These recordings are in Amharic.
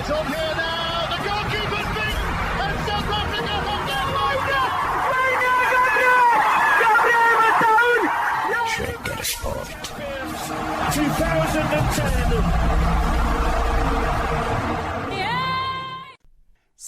is okay.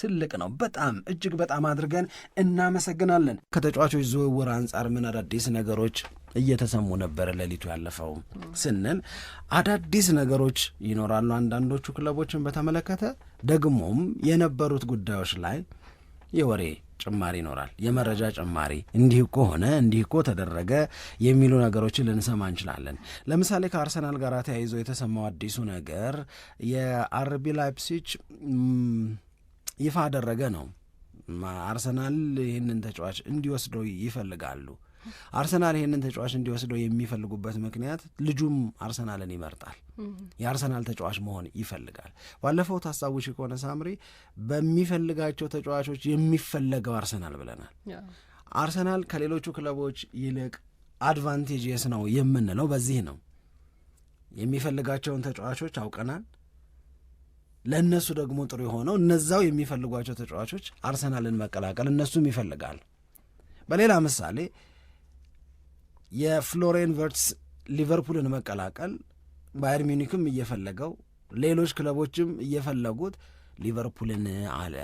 ትልቅ ነው። በጣም እጅግ በጣም አድርገን እናመሰግናለን። ከተጫዋቾች ዝውውር አንጻር ምን አዳዲስ ነገሮች እየተሰሙ ነበረ ሌሊቱ ያለፈው ስንል አዳዲስ ነገሮች ይኖራሉ። አንዳንዶቹ ክለቦችን በተመለከተ ደግሞም የነበሩት ጉዳዮች ላይ የወሬ ጭማሪ ይኖራል። የመረጃ ጭማሪ እንዲህ እኮ ሆነ፣ እንዲህ እኮ ተደረገ የሚሉ ነገሮችን ልንሰማ እንችላለን። ለምሳሌ ከአርሰናል ጋር ተያይዞ የተሰማው አዲሱ ነገር የአርቢ ላይፕሲች ይፋ አደረገ ነው። አርሰናል ይህንን ተጫዋች እንዲወስደው ይፈልጋሉ። አርሰናል ይህንን ተጫዋች እንዲወስደው የሚፈልጉበት ምክንያት ልጁም አርሰናልን ይመርጣል። የአርሰናል ተጫዋች መሆን ይፈልጋል። ባለፈው ታስታውሽ ከሆነ ሳምሪ በሚፈልጋቸው ተጫዋቾች የሚፈለገው አርሰናል ብለናል። አርሰናል ከሌሎቹ ክለቦች ይልቅ አድቫንቴጅስ ነው የምንለው በዚህ ነው። የሚፈልጋቸውን ተጫዋቾች አውቀናል። ለእነሱ ደግሞ ጥሩ የሆነው እነዛው የሚፈልጓቸው ተጫዋቾች አርሰናልን መቀላቀል እነሱም ይፈልጋል። በሌላ ምሳሌ የፍሎሬን ቨርትስ ሊቨርፑልን መቀላቀል ባየር ሚኒክም እየፈለገው ሌሎች ክለቦችም እየፈለጉት ሊቨርፑልን አለ።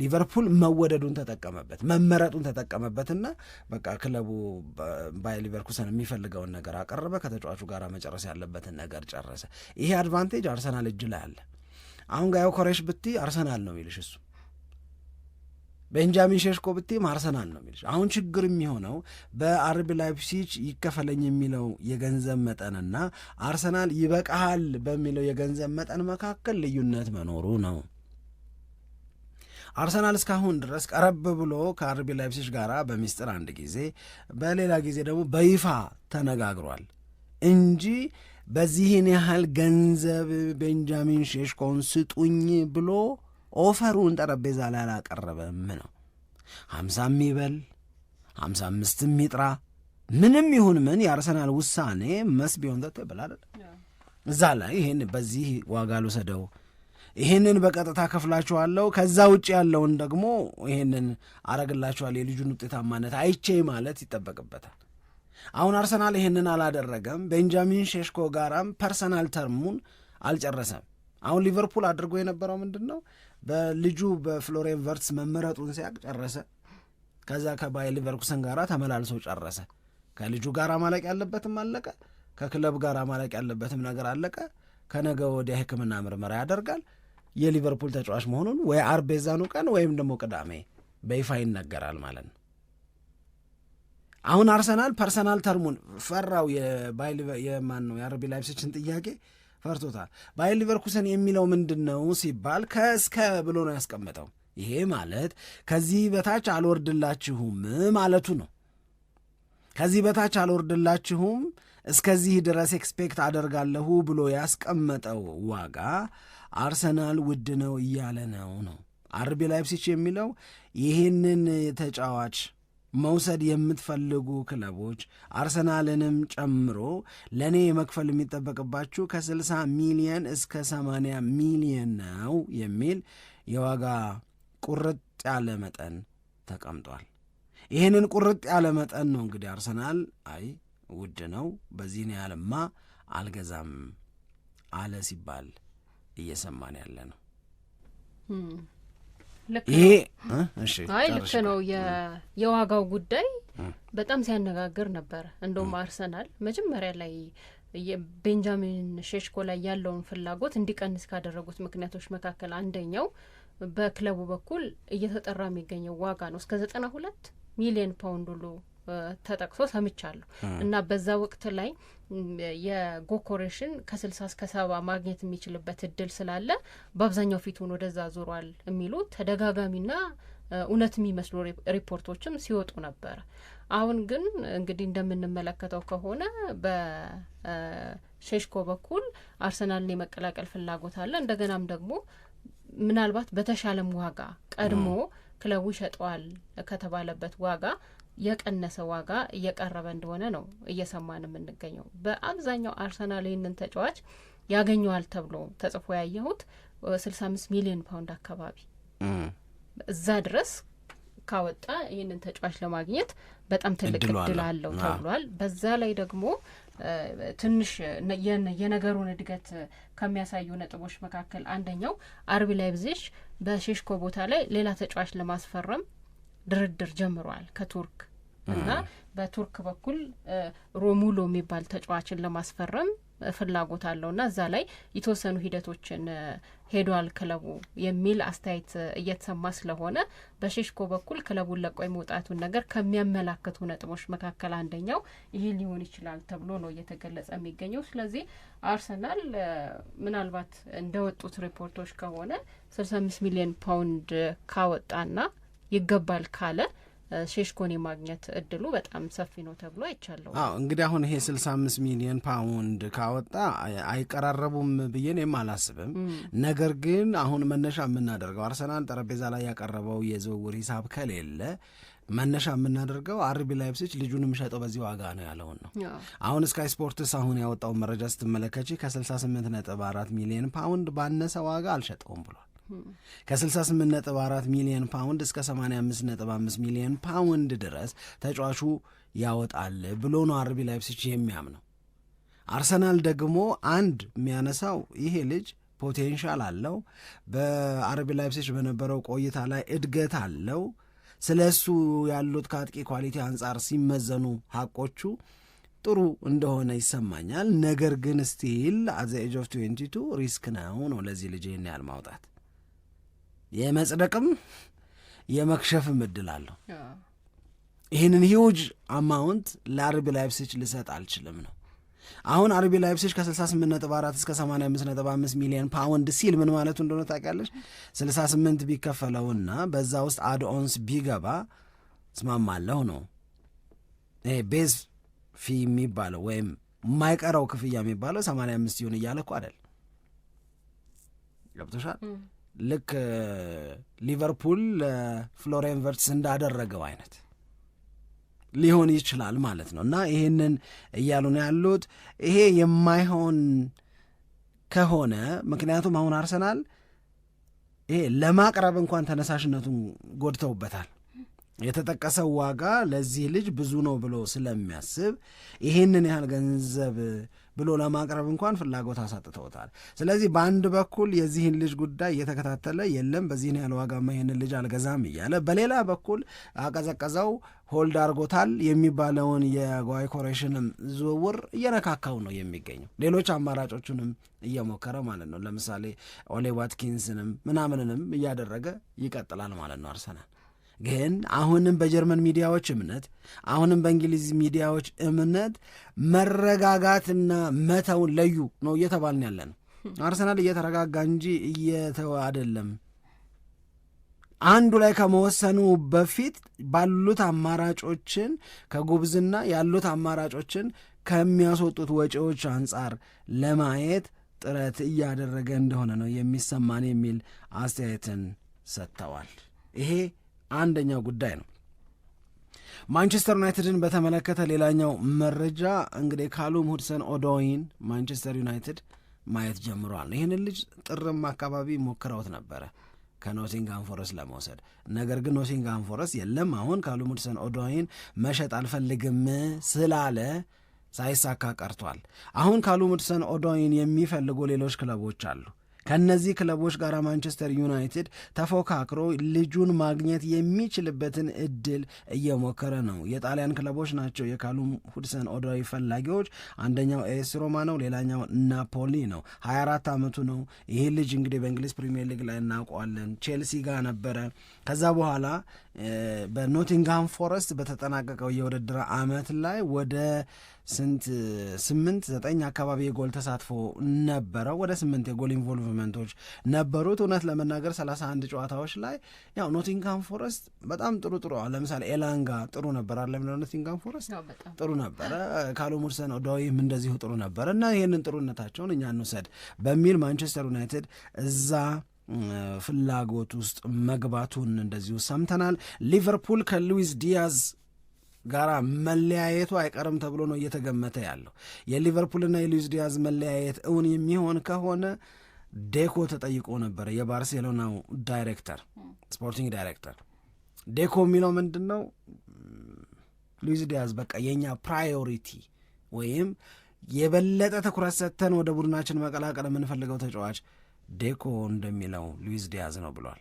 ሊቨርፑል መወደዱን ተጠቀመበት፣ መመረጡን ተጠቀመበትና በቃ ክለቡ ባየር ሊቨርኩሰን የሚፈልገውን ነገር አቀረበ። ከተጫዋቹ ጋር መጨረስ ያለበትን ነገር ጨረሰ። ይሄ አድቫንቴጅ አርሰናል እጅ ላይ አለ። አሁን ጋዮ ኮሬሽ ብቲ አርሰናል ነው የሚልሽ እሱ ቤንጃሚን ሼሽኮ ብቲም አርሰናል ነው የሚልሽ። አሁን ችግር የሚሆነው በአርቢ ላይፕሲች ይከፈለኝ የሚለው የገንዘብ መጠንና አርሰናል ይበቃሃል በሚለው የገንዘብ መጠን መካከል ልዩነት መኖሩ ነው። አርሰናል እስካሁን ድረስ ቀረብ ብሎ ከአርቢ ላይፕሲች ጋር በሚስጥር አንድ ጊዜ፣ በሌላ ጊዜ ደግሞ በይፋ ተነጋግሯል እንጂ በዚህን ያህል ገንዘብ ቤንጃሚን ሼሽኮን ስጡኝ ብሎ ኦፈሩን ጠረጴዛ ላይ አላቀረበም ነው። ሀምሳም ይበል ሀምሳ አምስትም ይጥራ ምንም ይሁን ምን የአርሰናል ውሳኔ መስ ቢሆን ዘቶ ይበላል እዛ ላይ ይህን በዚህ ዋጋ ልውሰደው ይህንን በቀጥታ ከፍላችኋለሁ፣ ከዛ ውጭ ያለውን ደግሞ ይህንን አረግላችኋል። የልጁን ውጤታማነት አይቼ ማለት ይጠበቅበታል። አሁን አርሰናል ይሄንን አላደረገም። ቤንጃሚን ሼሽኮ ጋራም ፐርሰናል ተርሙን አልጨረሰም። አሁን ሊቨርፑል አድርጎ የነበረው ምንድን ነው? በልጁ በፍሎሬን ቨርትስ መመረጡን ሲያቅ ጨረሰ። ከዛ ከባየር ሊቨርኩሰን ጋራ ተመላልሶ ጨረሰ። ከልጁ ጋር ማለቅ ያለበትም አለቀ። ከክለብ ጋር ማለቅ ያለበትም ነገር አለቀ። ከነገ ወዲያ ሕክምና ምርመራ ያደርጋል። የሊቨርፑል ተጫዋች መሆኑን ወይ አርብ የዛኑ ቀን ወይም ደግሞ ቅዳሜ በይፋ ይነገራል ማለት ነው። አሁን አርሰናል ፐርሰናል ተርሙን ፈራው። የማን ነው የአርቢ ላይፕሲችን ጥያቄ ፈርቶታል። ባየር ሊቨርኩሰን የሚለው ምንድን ነው ሲባል ከእስከ ብሎ ነው ያስቀመጠው። ይሄ ማለት ከዚህ በታች አልወርድላችሁም ማለቱ ነው። ከዚህ በታች አልወርድላችሁም እስከዚህ ድረስ ኤክስፔክት አደርጋለሁ ብሎ ያስቀመጠው ዋጋ አርሰናል ውድ ነው እያለ ነው ነው አርቢ ላይፕሲች የሚለው ይህንን ተጫዋች መውሰድ የምትፈልጉ ክለቦች አርሰናልንም ጨምሮ ለእኔ መክፈል የሚጠበቅባችሁ ከ60 ሚሊየን እስከ 80 ሚሊየን ነው የሚል የዋጋ ቁርጥ ያለ መጠን ተቀምጧል። ይህንን ቁርጥ ያለ መጠን ነው እንግዲህ አርሰናል አይ ውድ ነው በዚህን ያህልማ አልገዛም አለ ሲባል እየሰማን ያለ ነው። ይሄ ልክ ነው። የዋጋው ጉዳይ በጣም ሲያነጋግር ነበረ። እንደውም አርሰናል መጀመሪያ ላይ ቤንጃሚን ሼሽኮ ላይ ያለውን ፍላጎት እንዲቀንስ ካደረጉት ምክንያቶች መካከል አንደኛው በክለቡ በኩል እየተጠራ የሚገኘው ዋጋ ነው። እስከ ዘጠና ሁለት ሚሊየን ፓውንድ ሁሉ ተጠቅሶ ሰምቻለሁ እና በዛ ወቅት ላይ የጎኮሬሽን ከስልሳ እስከ ሰባ ማግኘት የሚችልበት እድል ስላለ በአብዛኛው ፊቱን ወደዛ ዞሯል የሚሉ ተደጋጋሚና እውነት የሚመስሉ ሪፖርቶችም ሲወጡ ነበረ። አሁን ግን እንግዲህ እንደምንመለከተው ከሆነ በሼሽኮ በኩል አርሰናልን የመቀላቀል ፍላጎት አለ። እንደገናም ደግሞ ምናልባት በተሻለም ዋጋ ቀድሞ ክለቡ ይሸጠዋል ከተባለበት ዋጋ የቀነሰ ዋጋ እየቀረበ እንደሆነ ነው እየሰማን የምንገኘው። በአብዛኛው አርሰናል ይህንን ተጫዋች ያገኘዋል ተብሎ ተጽፎ ያየሁት ስልሳ አምስት ሚሊዮን ፓውንድ አካባቢ እዛ ድረስ ካወጣ ይህንን ተጫዋች ለማግኘት በጣም ትልቅ እድል አለው ተብሏል። በዛ ላይ ደግሞ ትንሽ የነገሩን እድገት ከሚያሳዩ ነጥቦች መካከል አንደኛው አርቢ ላይፕዚግ በሼሽኮ ቦታ ላይ ሌላ ተጫዋች ለማስፈረም ድርድር ጀምሯል ከቱርክ እና በቱርክ በኩል ሮሙሎ የሚባል ተጫዋችን ለማስፈረም ፍላጎት አለው እና እዛ ላይ የተወሰኑ ሂደቶችን ሄዷል ክለቡ የሚል አስተያየት እየተሰማ ስለሆነ በሼሽኮ በኩል ክለቡን ለቆ የመውጣቱን ነገር ከሚያመላክቱ ነጥቦች መካከል አንደኛው ይህ ሊሆን ይችላል ተብሎ ነው እየተገለጸ የሚገኘው። ስለዚህ አርሰናል ምናልባት እንደወጡት ሪፖርቶች ከሆነ ስልሳ አምስት ሚሊዮን ፓውንድ ካወጣና ይገባል ካለ ሼሽኮን የማግኘት እድሉ በጣም ሰፊ ነው ተብሎ አይቻለሁ። አዎ እንግዲህ አሁን ይሄ ስልሳ አምስት ሚሊዮን ፓውንድ ካወጣ አይቀራረቡም ብዬ እኔም አላስብም። ነገር ግን አሁን መነሻ የምናደርገው አርሰናል ጠረጴዛ ላይ ያቀረበው የዝውውር ሂሳብ ከሌለ መነሻ የምናደርገው አርቢ ላይፕሲች ልጁን የሚሸጠው በዚህ ዋጋ ነው ያለውን ነው። አሁን ስካይ ስፖርትስ አሁን ያወጣውን መረጃ ስትመለከች ከ68 ነጥብ 4 ሚሊዮን ፓውንድ ባነሰ ዋጋ አልሸጠውም ብሏል። ከ68.4 ሚሊዮን ፓውንድ እስከ 85.5 ሚሊዮን ፓውንድ ድረስ ተጫዋቹ ያወጣል ብሎ ነው አርቢ ላይፕሲች የሚያምነው። አርሰናል ደግሞ አንድ የሚያነሳው ይሄ ልጅ ፖቴንሻል አለው፣ በአርቢ ላይፕሲች በነበረው ቆይታ ላይ እድገት አለው። ስለ እሱ ያሉት ከአጥቂ ኳሊቲ አንጻር ሲመዘኑ ሀቆቹ ጥሩ እንደሆነ ይሰማኛል። ነገር ግን ስቲል አዘ ኤጅ ኦፍ ትዌንቲ ቱ ሪስክ ነው ነው ለዚህ ልጅ ይህን ያህል ማውጣት የመጽደቅም የመክሸፍም እድል አለው። ይህንን ሂውጅ አማውንት ለአርቢ ላይፕሲች ልሰጥ አልችልም ነው። አሁን አርቢ ላይፕሲች ከ68.4 እስከ 5 ሚሊዮን ፓውንድ ሲል ምን ማለቱ እንደሆነ ታውቂያለሽ? 68 ቢከፈለውና በዛ ውስጥ አድኦንስ ቢገባ ስማማለሁ ነው። ይሄ ቤዝ ፊ የሚባለው ወይም የማይቀረው ክፍያ የሚባለው 85 ይሁን እያለ እኮ አይደል? ገብቶሻል? ልክ ሊቨርፑል ለፍሎሪያን ቨርትስ እንዳደረገው አይነት ሊሆን ይችላል ማለት ነው። እና ይህንን እያሉ ነው ያሉት። ይሄ የማይሆን ከሆነ ምክንያቱም አሁን አርሰናል ይሄ ለማቅረብ እንኳን ተነሳሽነቱን ጎድተውበታል። የተጠቀሰው ዋጋ ለዚህ ልጅ ብዙ ነው ብሎ ስለሚያስብ ይህንን ያህል ገንዘብ ብሎ ለማቅረብ እንኳን ፍላጎት አሳጥተውታል። ስለዚህ በአንድ በኩል የዚህን ልጅ ጉዳይ እየተከታተለ የለም በዚህን ያህል ዋጋማ ይህንን ልጅ አልገዛም እያለ፣ በሌላ በኩል አቀዘቀዘው ሆልድ አርጎታል የሚባለውን የጓይ ኮሬሽንም ዝውውር እየነካካው ነው የሚገኘው። ሌሎች አማራጮቹንም እየሞከረ ማለት ነው። ለምሳሌ ኦሌ ዋትኪንስንም ምናምንንም እያደረገ ይቀጥላል ማለት ነው አርሰናል ግን አሁንም በጀርመን ሚዲያዎች እምነት አሁንም በእንግሊዝ ሚዲያዎች እምነት መረጋጋትና መተውን ለዩ ነው እየተባልን ያለ ነው። አርሰናል እየተረጋጋ እንጂ እየተወ አይደለም። አንዱ ላይ ከመወሰኑ በፊት ባሉት አማራጮችን ከጉብዝና ያሉት አማራጮችን ከሚያስወጡት ወጪዎች አንጻር ለማየት ጥረት እያደረገ እንደሆነ ነው የሚሰማን የሚል አስተያየትን ሰጥተዋል። ይሄ አንደኛው ጉዳይ ነው። ማንቸስተር ዩናይትድን በተመለከተ ሌላኛው መረጃ እንግዲህ ካሉም ሁድሰን ኦዶይን ማንቸስተር ዩናይትድ ማየት ጀምሯል። ይህንን ልጅ ጥርም አካባቢ ሞክረውት ነበረ ከኖቲንግሃም ፎረስት ለመውሰድ ነገር ግን ኖቲንግሃም ፎረስት የለም አሁን ካሉም ሁድሰን ኦዶይን መሸጥ አልፈልግም ስላለ ሳይሳካ ቀርቷል። አሁን ካሉም ሁድሰን ኦዶይን የሚፈልጉ ሌሎች ክለቦች አሉ። ከነዚህ ክለቦች ጋር ማንቸስተር ዩናይትድ ተፎካክሮ ልጁን ማግኘት የሚችልበትን እድል እየሞከረ ነው። የጣሊያን ክለቦች ናቸው የካሉም ሁድሰን ኦዶይ ፈላጊዎች። አንደኛው ኤስ ሮማ ነው፣ ሌላኛው ናፖሊ ነው። 24 ዓመቱ ነው። ይህ ልጅ እንግዲህ በእንግሊዝ ፕሪሚየር ሊግ ላይ እናውቀዋለን። ቼልሲ ጋር ነበረ። ከዛ በኋላ በኖቲንግሃም ፎረስት በተጠናቀቀው የውድድር አመት ላይ ወደ ስንት ስምንት ዘጠኝ አካባቢ የጎል ተሳትፎ ነበረው። ወደ ስምንት የጎል ኢንቮልቭመንቶች ነበሩት። እውነት ለመናገር 31 ጨዋታዎች ላይ ያው ኖቲንግሃም ፎረስት በጣም ጥሩ ጥሩ ለምሳሌ ኤላንጋ ጥሩ ነበር አለ ኖቲንግሃም ፎረስት ጥሩ ነበረ። ካሉም ሁድሰን ኦዶይም እንደዚሁ ጥሩ ነበረ እና ይህንን ጥሩነታቸውን እኛ እንውሰድ በሚል ማንቸስተር ዩናይትድ እዛ ፍላጎት ውስጥ መግባቱን እንደዚሁ ሰምተናል። ሊቨርፑል ከሉዊስ ዲያዝ ጋራ መለያየቱ አይቀርም ተብሎ ነው እየተገመተ ያለው። የሊቨርፑልና የሉዊስ ዲያዝ መለያየት እውን የሚሆን ከሆነ ዴኮ ተጠይቆ ነበር። የባርሴሎናው ዳይሬክተር ስፖርቲንግ ዳይሬክተር ዴኮ የሚለው ምንድን ነው? ሉዊስ ዲያዝ በቃ የእኛ ፕራዮሪቲ ወይም የበለጠ ትኩረት ሰጥተን ወደ ቡድናችን መቀላቀል የምንፈልገው ተጫዋች ዴኮ እንደሚለው ሉዊዝ ዲያዝ ነው ብሏል።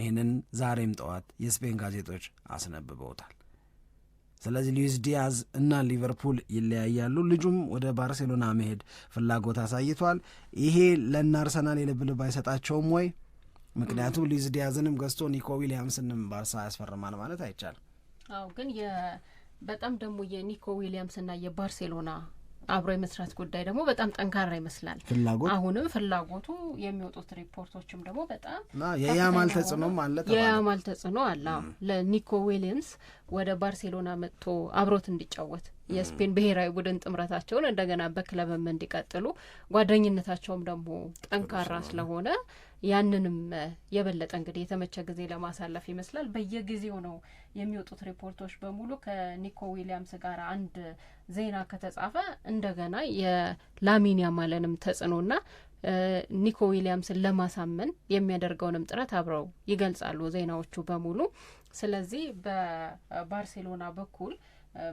ይህንን ዛሬም ጠዋት የስፔን ጋዜጦች አስነብበውታል። ስለዚህ ሉዊዝ ዲያዝ እና ሊቨርፑል ይለያያሉ። ልጁም ወደ ባርሴሎና መሄድ ፍላጎት አሳይቷል። ይሄ ለእነ አርሰናል የልብ ልብ አይሰጣቸውም ወይ? ምክንያቱም ሉዊዝ ዲያዝንም ገዝቶ ኒኮ ዊሊያምስንም ባርሳ ያስፈርማል ማለት አይቻልም። አዎ ግን በጣም ደግሞ የኒኮ ዊሊያምስና የባርሴሎና አብሮ የመስራት ጉዳይ ደግሞ በጣም ጠንካራ ይመስላል። ፍላጎት አሁንም ፍላጎቱ የሚወጡት ሪፖርቶችም ደግሞ በጣም የያማል ተጽዕኖም አለ የያማል ተጽዕኖ አለ። ለኒኮ ዊሊየምስ ወደ ባርሴሎና መጥቶ አብሮት እንዲጫወት የስፔን ብሔራዊ ቡድን ጥምረታቸውን እንደገና በክለብም እንዲቀጥሉ ጓደኝነታቸውም ደግሞ ጠንካራ ስለሆነ ያንንም የበለጠ እንግዲህ የተመቸ ጊዜ ለማሳለፍ ይመስላል። በየጊዜው ነው የሚወጡት ሪፖርቶች በሙሉ ከኒኮ ዊሊያምስ ጋር አንድ ዜና ከተጻፈ እንደገና የላሚን ያማልንም ተጽዕኖና ኒኮ ዊሊያምስን ለማሳመን የሚያደርገውንም ጥረት አብረው ይገልጻሉ ዜናዎቹ በሙሉ። ስለዚህ በባርሴሎና በኩል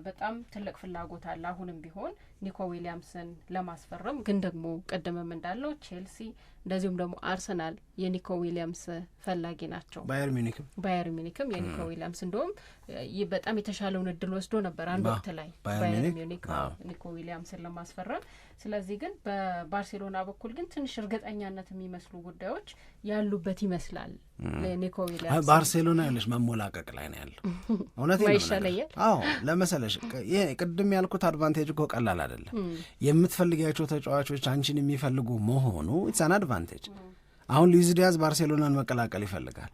በጣም ትልቅ ፍላጎት አለ። አሁንም ቢሆን ኒኮ ዊሊያምስን ለማስፈረም ግን ደግሞ ቅድምም እንዳለው ቼልሲ እንደዚሁም ደግሞ አርሰናል የኒኮ ዊሊያምስ ፈላጊ ናቸው። ባየር ሚኒክም ባየር ሚኒክም የኒኮ ዊሊያምስ እንደውም በጣም የተሻለውን እድል ወስዶ ነበር አንድ ወቅት ላይ ባየር ሚኒክ ኒኮ ዊሊያምስን ለማስፈረም ስለዚህ ግን በባርሴሎና በኩል ግን ትንሽ እርግጠኛነት የሚመስሉ ጉዳዮች ያሉበት ይመስላል። ኒኮ ዊሊያምስ ባርሴሎና ያለሽ መሞላቀቅ ላይ ነው ያለው። እውነት ይሻለኛል። አዎ ለመሰለሽ ቅድም ያልኩት አድቫንቴጅ እኮ ቀላል አይደለም። የምትፈልጊያቸው ተጫዋቾች አንቺን የሚፈልጉ መሆኑ ኢትሳን አድቫንቴጅ አሁን ሉዊዝ ዲያዝ ባርሴሎናን መቀላቀል ይፈልጋል።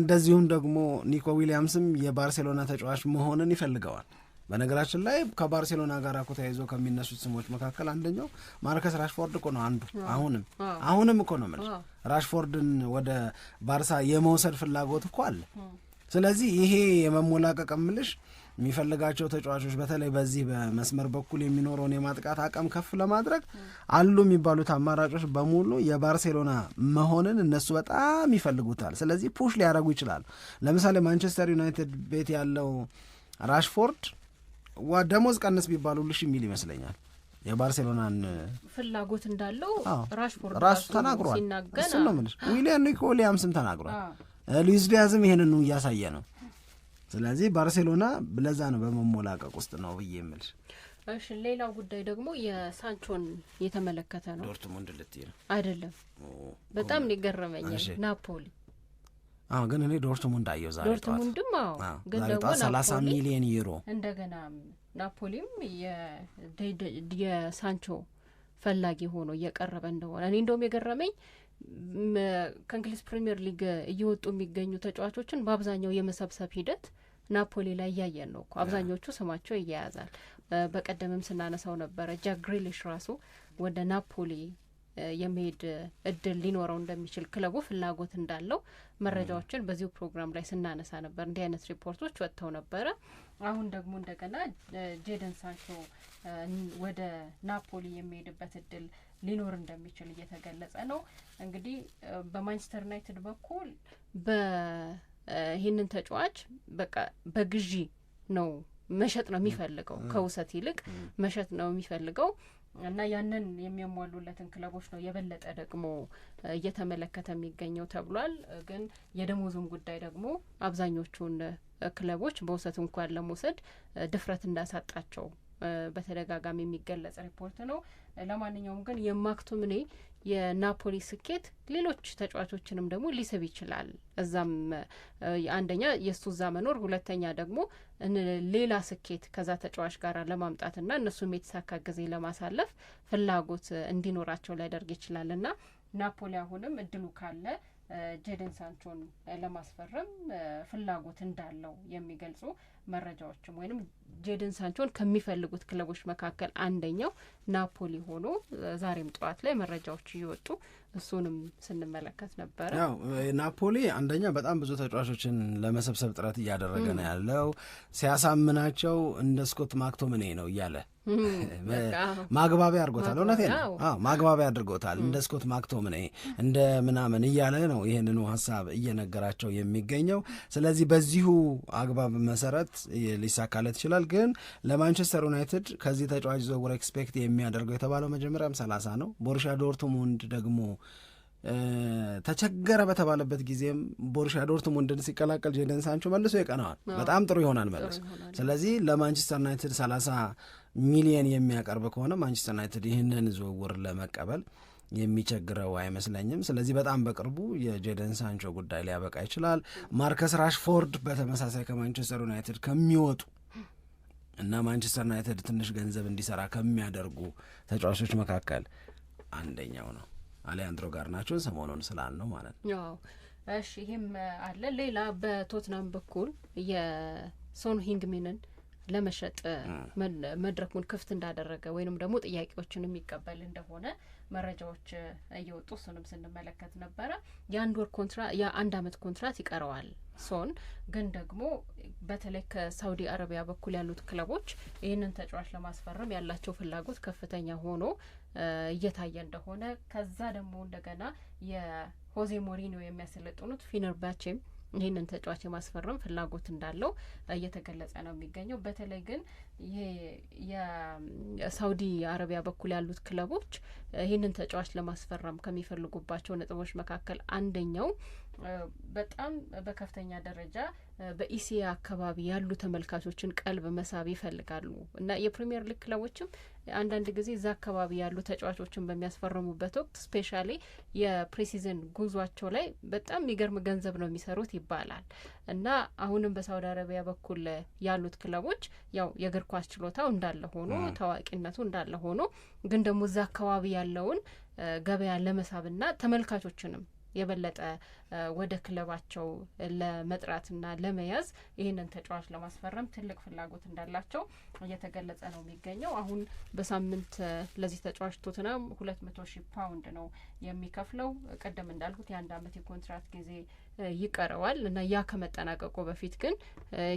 እንደዚሁም ደግሞ ኒኮ ዊሊያምስም የባርሴሎና ተጫዋች መሆንን ይፈልገዋል። በነገራችን ላይ ከባርሴሎና ጋር እኮ ተያይዞ ከሚነሱት ስሞች መካከል አንደኛው ማርከስ ራሽፎርድ እኮ ነው አንዱ። አሁንም አሁንም እኮ ነው የምልሽ ራሽፎርድን ወደ ባርሳ የመውሰድ ፍላጎት እኮ አለ። ስለዚህ ይሄ የመሞላቀቅ ምልሽ የሚፈልጋቸው ተጫዋቾች በተለይ በዚህ በመስመር በኩል የሚኖረውን የማጥቃት አቅም ከፍ ለማድረግ አሉ የሚባሉት አማራጮች በሙሉ የባርሴሎና መሆንን እነሱ በጣም ይፈልጉታል። ስለዚህ ፑሽ ሊያደርጉ ይችላሉ። ለምሳሌ ማንቸስተር ዩናይትድ ቤት ያለው ራሽፎርድ ደሞዝ ቀንስ ቢባሉልሽ የሚል ይመስለኛል የባርሴሎናን ፍላጎት እንዳለው ራሽፎርድ ራሱ ተናግሯል። እሱ ነው የምልሽ። ዊሊያን ኒኮ ዊሊያምስም ተናግሯል። ሉዊስ ዲያዝም ይሄንን እያሳየ ነው። ስለዚህ ባርሴሎና ብለዛ ነው በመሞላቀቅ ውስጥ ነው ብዬ የምልሽ። እሺ ሌላው ጉዳይ ደግሞ የሳንቾን የተመለከተ ነው። ዶርትሙንድ ልትይ ነው አይደለም? በጣም ሊገረመኝ ናፖሊ አዎ ግን እኔ ዶርትሙንድ አየሁ ዛሬ ዶርትሙንድም አዎ ግን ደግሞ ሰላሳ ሚሊዮን ዩሮ እንደገና ናፖሊም የሳንቾ ፈላጊ ሆኖ እየቀረበ እንደሆነ እኔ እንደውም የገረመኝ ከእንግሊዝ ፕሪምየር ሊግ እየወጡ የሚገኙ ተጫዋቾችን በአብዛኛው የመሰብሰብ ሂደት ናፖሊ ላይ እያየን ነው እኮ አብዛኞቹ ስማቸው ይያያዛል። በቀደምም ስናነሳው ነበረ ጃክ ግሪሊሽ ራሱ ወደ ናፖሊ የመሄድ እድል ሊኖረው እንደሚችል ክለቡ ፍላጎት እንዳለው መረጃዎችን በዚሁ ፕሮግራም ላይ ስናነሳ ነበር። እንዲህ አይነት ሪፖርቶች ወጥተው ነበረ። አሁን ደግሞ እንደገና ጄደን ሳንቾ ወደ ናፖሊ የሚሄድበት እድል ሊኖር እንደሚችል እየተገለጸ ነው። እንግዲህ በማንቸስተር ዩናይትድ በኩል በይህንን ተጫዋች በቃ በግዢ ነው መሸጥ ነው የሚፈልገው፣ ከውሰት ይልቅ መሸጥ ነው የሚፈልገው። እና ያንን የሚያሟሉለትን ክለቦች ነው የበለጠ ደግሞ እየተመለከተ የሚገኘው ተብሏል። ግን የደሞዙን ጉዳይ ደግሞ አብዛኞቹን ክለቦች በውሰት እንኳን ለመውሰድ ድፍረት እንዳሳጣቸው በተደጋጋሚ የሚገለጽ ሪፖርት ነው። ለማንኛውም ግን የማክቱምኔ የናፖሊ ስኬት ሌሎች ተጫዋቾችንም ደግሞ ሊስብ ይችላል። እዛም አንደኛ የእሱ እዛ መኖር፣ ሁለተኛ ደግሞ ሌላ ስኬት ከዛ ተጫዋች ጋር ለማምጣትና እነሱም የተሳካ ጊዜ ለማሳለፍ ፍላጎት እንዲኖራቸው ሊያደርግ ይችላል ይችላልና ናፖሊ አሁንም እድሉ ካለ ጄደን ሳንቾን ለማስፈረም ፍላጎት እንዳለው የሚገልጹ መረጃዎችም ወይም ጄደን ሳንቾን ከሚፈልጉት ክለቦች መካከል አንደኛው ናፖሊ ሆኖ ዛሬም ጠዋት ላይ መረጃዎች እየወጡ እሱንም ስንመለከት ነበረ። ያው ናፖሊ አንደኛ በጣም ብዙ ተጫዋቾችን ለመሰብሰብ ጥረት እያደረገ ነው ያለው። ሲያሳምናቸው እንደ ስኮት ማክቶምኔ ነው እያለ ማግባቢያ አድርጎታል። እውነቴ ነው። ማግባቢያ አድርጎታል። እንደ ስኮት ማክቶምኔ እንደ ምናምን እያለ ነው ይህንኑ ሀሳብ እየነገራቸው የሚገኘው። ስለዚህ በዚሁ አግባብ መሰረት ሊሳካለት ይችላል። ግን ለማንቸስተር ዩናይትድ ከዚህ ተጫዋች ዝውውር ኤክስፔክት የሚያደርገው የተባለው መጀመሪያም ሰላሳ ነው። ቦሩሻ ዶርትሙንድ ደግሞ ተቸገረ በተባለበት ጊዜም ቦሩሺያ ዶርትሙንድን ሲቀላቀል ጄደን ሳንቾ መልሶ ይቀነዋል። በጣም ጥሩ ይሆናል መልሶ። ስለዚህ ለማንቸስተር ዩናይትድ 30 ሚሊየን የሚያቀርብ ከሆነ ማንቸስተር ዩናይትድ ይህንን ዝውውር ለመቀበል የሚቸግረው አይመስለኝም። ስለዚህ በጣም በቅርቡ የጄደን ሳንቾ ጉዳይ ሊያበቃ ይችላል። ማርከስ ራሽፎርድ በተመሳሳይ ከማንቸስተር ዩናይትድ ከሚወጡ እና ማንቸስተር ዩናይትድ ትንሽ ገንዘብ እንዲሰራ ከሚያደርጉ ተጫዋቾች መካከል አንደኛው ነው። አሊያንድሮ ጋር ናቸው ሰሞኑን ስላል ነው ማለት ነው። እሺ ይህም አለ። ሌላ በቶትናም በኩል የሶን ሂንግሚንን ለመሸጥ መድረኩን ክፍት እንዳደረገ ወይንም ደግሞ ጥያቄዎችን የሚቀበል እንደሆነ መረጃዎች እየወጡ እሱንም ስንመለከት ነበረ። የአንድ ወር ኮንትራ የአንድ አመት ኮንትራት ይቀረዋል ሶን ግን ደግሞ በተለይ ከሳውዲ አረቢያ በኩል ያሉት ክለቦች ይህንን ተጫዋች ለማስፈረም ያላቸው ፍላጎት ከፍተኛ ሆኖ እየታየ እንደሆነ ከዛ ደግሞ እንደገና የሆዜ ሞሪኒዮ የሚያሰለጥኑት ፊነርባቼም ይህንን ተጫዋች የማስፈረም ፍላጎት እንዳለው እየተገለጸ ነው የሚገኘው። በተለይ ግን ይሄ የሳውዲ አረቢያ በኩል ያሉት ክለቦች ይህንን ተጫዋች ለማስፈረም ከሚፈልጉባቸው ነጥቦች መካከል አንደኛው በጣም በከፍተኛ ደረጃ በኢሲያ አካባቢ ያሉ ተመልካቾችን ቀልብ መሳብ ይፈልጋሉ እና የፕሪሚየር ሊግ ክለቦችም አንዳንድ ጊዜ እዛ አካባቢ ያሉ ተጫዋቾችን በሚያስፈርሙበት ወቅት ስፔሻሊ የፕሪሲዝን ጉዟቸው ላይ በጣም የሚገርም ገንዘብ ነው የሚሰሩት ይባላል እና አሁንም በሳውዲ አረቢያ በኩል ያሉት ክለቦች ያው የእግር ኳስ ችሎታው እንዳለ ሆኖ ታዋቂነቱ እንዳለ ሆኖ ግን ደግሞ እዛ አካባቢ ያለውን ገበያ ለመሳብና ተመልካቾችንም የበለጠ ወደ ክለባቸው ለመጥራትና ለመያዝ ይህንን ተጫዋች ለማስፈረም ትልቅ ፍላጎት እንዳላቸው እየተገለጸ ነው የሚገኘው። አሁን በሳምንት ለዚህ ተጫዋች ቶትናም ሁለት መቶ ሺ ፓውንድ ነው የሚከፍለው። ቀደም እንዳልኩት የአንድ አመት የኮንትራት ጊዜ ይቀረዋል እና ያ ከመጠናቀቁ በፊት ግን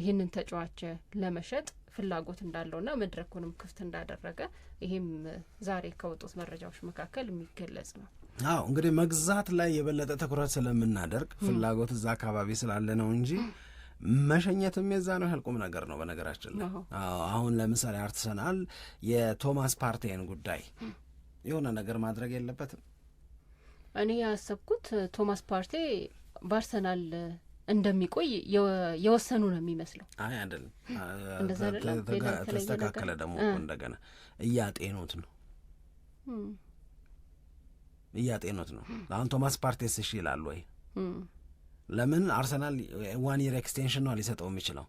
ይህንን ተጫዋች ለመሸጥ ፍላጎት እንዳለውና መድረኩንም ክፍት እንዳደረገ ይህም ዛሬ ከወጡት መረጃዎች መካከል የሚገለጽ ነው። አዎ እንግዲህ መግዛት ላይ የበለጠ ትኩረት ስለምናደርግ ፍላጎት እዛ አካባቢ ስላለ ነው እንጂ መሸኘትም የዛ ነው ያህል ቁም ነገር ነው። በነገራችን ላይ አሁን ለምሳሌ አርሰናል የቶማስ ፓርቴን ጉዳይ የሆነ ነገር ማድረግ የለበትም። እኔ ያሰብኩት ቶማስ ፓርቴ በአርሰናል እንደሚቆይ የወሰኑ ነው የሚመስለው። አይ አይደለም፣ ተስተካከለ ደግሞ እንደገና እያጤኑት ነው እያጤኑት ነው። አሁን ቶማስ ፓርቴስ እሺ ይላሉ ወይ? ለምን አርሰናል ዋን የር ኤክስቴንሽን ነው ሊሰጠው የሚችለው።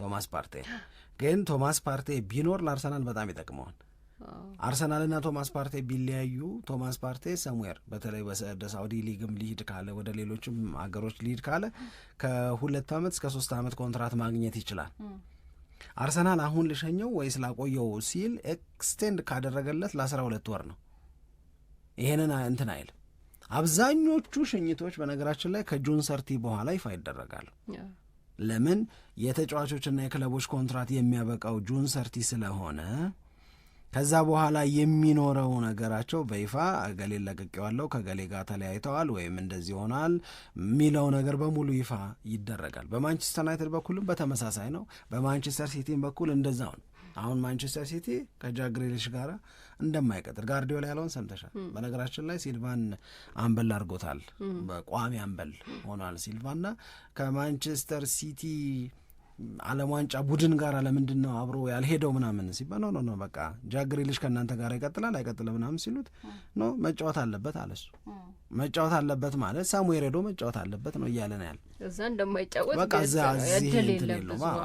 ቶማስ ፓርቴ ግን ቶማስ ፓርቴ ቢኖር ለአርሰናል በጣም ይጠቅመዋል። አርሰናልና ቶማስ ፓርቴ ቢለያዩ ቶማስ ፓርቴ ሰሙዌር በተለይ ወደ ሳውዲ ሊግም ሊሂድ ካለ ወደ ሌሎችም ሀገሮች ሊሂድ ካለ ከሁለት ዓመት እስከ ሶስት ዓመት ኮንትራት ማግኘት ይችላል። አርሰናል አሁን ልሸኘው ወይስ ላቆየው ሲል ኤክስቴንድ ካደረገለት ለአስራ ሁለት ወር ነው ይሄንን እንትን አይል። አብዛኞቹ ሽኝቶች በነገራችን ላይ ከጁን ሰርቲ በኋላ ይፋ ይደረጋሉ። ለምን የተጫዋቾችና የክለቦች ኮንትራት የሚያበቃው ጁን ሰርቲ ስለሆነ ከዛ በኋላ የሚኖረው ነገራቸው በይፋ እገሌ ለቅቄዋለሁ ከገሌ ጋር ተለያይተዋል ወይም እንደዚህ ይሆናል የሚለው ነገር በሙሉ ይፋ ይደረጋል። በማንቸስተር ዩናይትድ በኩልም በተመሳሳይ ነው። በማንቸስተር ሲቲም በኩል እንደዛው ነው። አሁን ማንቸስተር ሲቲ ከጃክ ግሪሊሽ እንደማይቀጥር ጋርዲዮላ ያለውን ሰምተሻል። በነገራችን ላይ ሲልቫን አንበል አድርጎታል፣ በቋሚ አንበል ሆኗል ሲልቫና ከማንቸስተር ሲቲ ዓለም ዋንጫ ቡድን ጋር ለምንድን ነው አብሮ ያልሄደው ምናምን ሲባል ኖ ኖ በቃ ጃግሪ ግሪሊሽ ከእናንተ ጋር ይቀጥላል አይቀጥልም ምናምን ሲሉት ኖ መጫወት አለበት አለ እሱ። መጫወት አለበት ማለት ሳሙኤል ሄዶ መጫወት አለበት ነው እያለን ነው ያለ። እዛ እንደማይጫወት በቃ እዛ እዚህ እንትን የለውም።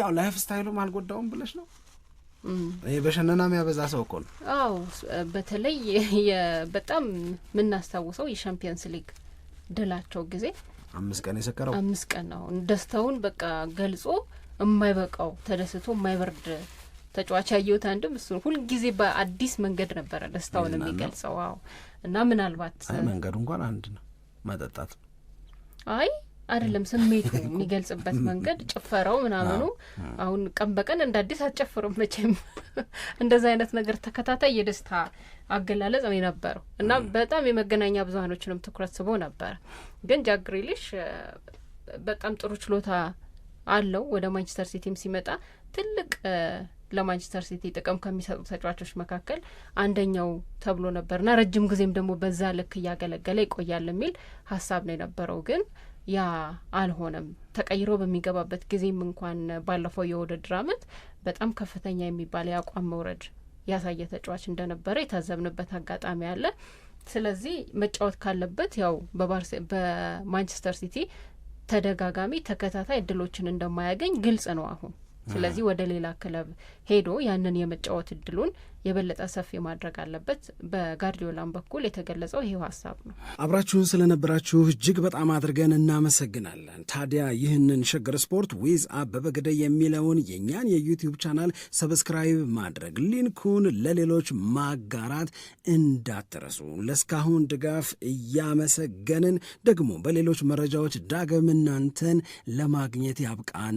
ያው ላይፍ ስታይሉም አልጎዳውም ብለሽ ነው ይሄ በሸነና የሚያበዛ ሰው እኮ ነው። አዎ በተለይ በጣም የምናስታውሰው የሻምፒየንስ ሊግ ድላቸው ጊዜ አምስት ቀን የሰከረው አምስት ቀን ነው። ደስታውን በቃ ገልጾ የማይበቃው ተደስቶ የማይበርድ ተጫዋች ያየሁት አንድም እሱ ሁልጊዜ በአዲስ መንገድ ነበረ ደስታውን የሚገልጸው። አዎ እና ምናልባት መንገዱ እንኳን አንድ ነው፣ መጠጣት አይ አይደለም ስሜቱ የሚገልጽበት መንገድ ጭፈራው ምናምኑ። አሁን ቀን በቀን እንደ አዲስ አትጨፍርም መቼም። እንደዚህ አይነት ነገር ተከታታይ የደስታ አገላለጽ ነው የነበረው እና በጣም የመገናኛ ብዙሀኖችንም ትኩረት ስቦ ነበረ። ግን ጃግሪሊሽ በጣም ጥሩ ችሎታ አለው። ወደ ማንቸስተር ሲቲም ሲመጣ ትልቅ ለማንቸስተር ሲቲ ጥቅም ከሚሰጡ ተጫዋቾች መካከል አንደኛው ተብሎ ነበርና ረጅም ጊዜም ደግሞ በዛ ልክ እያገለገለ ይቆያል የሚል ሀሳብ ነው የነበረው ግን ያ አልሆነም። ተቀይሮ በሚገባበት ጊዜም እንኳን ባለፈው የውድድር አመት በጣም ከፍተኛ የሚባል የአቋም መውረድ ያሳየ ተጫዋች እንደነበረ የታዘብንበት አጋጣሚ አለ። ስለዚህ መጫወት ካለበት ያው በማንቸስተር ሲቲ ተደጋጋሚ ተከታታይ እድሎችን እንደማያገኝ ግልጽ ነው አሁን ስለዚህ ወደ ሌላ ክለብ ሄዶ ያንን የመጫወት እድሉን የበለጠ ሰፊ ማድረግ አለበት። በጋርዲዮላም በኩል የተገለጸው ይሄው ሀሳብ ነው። አብራችሁን ስለነበራችሁ እጅግ በጣም አድርገን እናመሰግናለን። ታዲያ ይህንን ሸገር ስፖርት ዊዝ አበበ ግደይ የሚለውን የእኛን የዩቲዩብ ቻናል ሰብስክራይብ ማድረግ፣ ሊንኩን ለሌሎች ማጋራት እንዳትረሱ። ለእስካሁን ድጋፍ እያመሰገንን ደግሞ በሌሎች መረጃዎች ዳግም እናንተን ለማግኘት ያብቃን